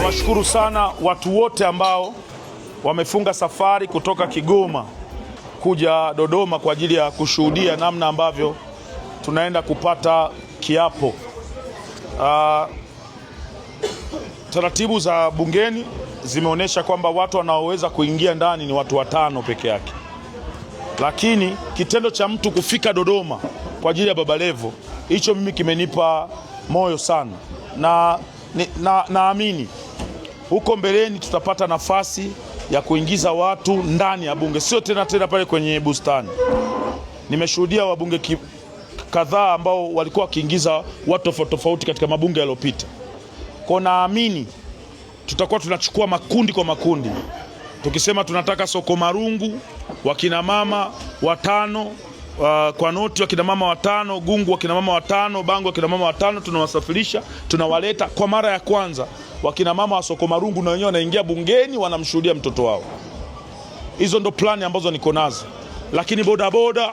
Nawashukuru sana watu wote ambao wamefunga safari kutoka Kigoma kuja Dodoma kwa ajili ya kushuhudia namna ambavyo tunaenda kupata kiapo. Uh, taratibu za bungeni zimeonyesha kwamba watu wanaoweza kuingia ndani ni watu watano peke yake, lakini kitendo cha mtu kufika Dodoma kwa ajili ya Baba Levo hicho mimi kimenipa moyo sana na naamini na huko mbeleni tutapata nafasi ya kuingiza watu ndani ya bunge, sio tena tena pale kwenye bustani. Nimeshuhudia wabunge kadhaa ambao walikuwa wakiingiza watu tofauti tofauti katika mabunge yaliyopita. Kwa naamini tutakuwa tunachukua makundi kwa makundi, tukisema tunataka soko marungu wakina mama watano, uh, kwa noti wakina mama watano, gungu wakina mama watano, bango wakina mama watano, tunawasafirisha tunawaleta kwa mara ya kwanza wakina mama wa soko marungu na wenyewe wanaingia bungeni, wanamshuhudia mtoto wao. Hizo ndo plani ambazo niko nazo, lakini bodaboda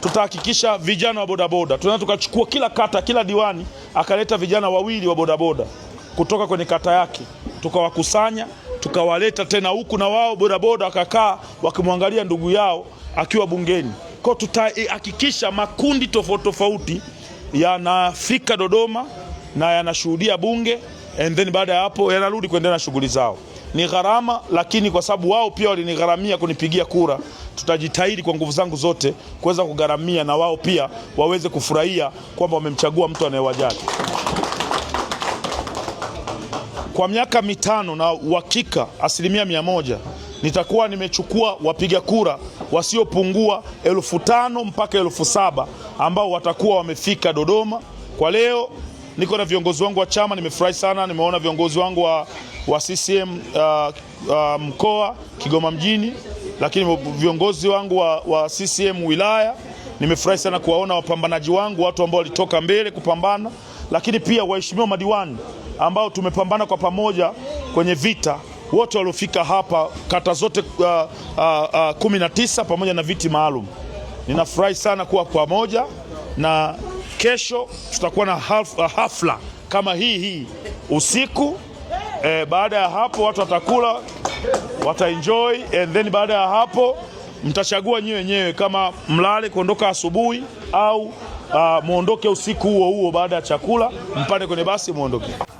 tutahakikisha vijana wa bodaboda, tunaweza tukachukua kila kata, kila diwani akaleta vijana wawili wa bodaboda kutoka kwenye kata yake, tukawakusanya tukawaleta tena huku, na wao bodaboda wakakaa wakimwangalia ndugu yao akiwa bungeni. Kwa tutahakikisha makundi tofauti tofauti yanafika Dodoma na yanashuhudia bunge and then baada ya hapo yanarudi kuendelea na shughuli zao. Ni gharama, lakini kwa sababu wao pia walinigharamia kunipigia kura, tutajitahidi kwa nguvu zangu zote kuweza kugharamia na wao pia waweze kufurahia kwamba wamemchagua mtu anayewajali kwa miaka mitano, na uhakika asilimia mia moja nitakuwa nimechukua wapiga kura wasiopungua elfu tano mpaka elfu saba ambao watakuwa wamefika Dodoma kwa leo niko na viongozi wangu wa chama. Nimefurahi sana, nimeona viongozi wangu wa, wa CCM uh, uh, mkoa Kigoma mjini, lakini viongozi wangu wa, wa CCM wilaya. Nimefurahi sana kuwaona wapambanaji wangu, watu ambao walitoka mbele kupambana, lakini pia waheshimiwa madiwani ambao tumepambana kwa pamoja kwenye vita wote waliofika hapa kata zote uh, uh, uh, kumi na tisa pamoja na viti maalum. Ninafurahi sana kuwa pamoja na Kesho tutakuwa na hafla kama hii hii usiku e, Baada ya hapo watu watakula, wataenjoy and then baada ya hapo mtachagua nyewe wenyewe kama mlale kuondoka asubuhi au uh, muondoke usiku huo huo baada ya chakula, mpande kwenye basi muondoke.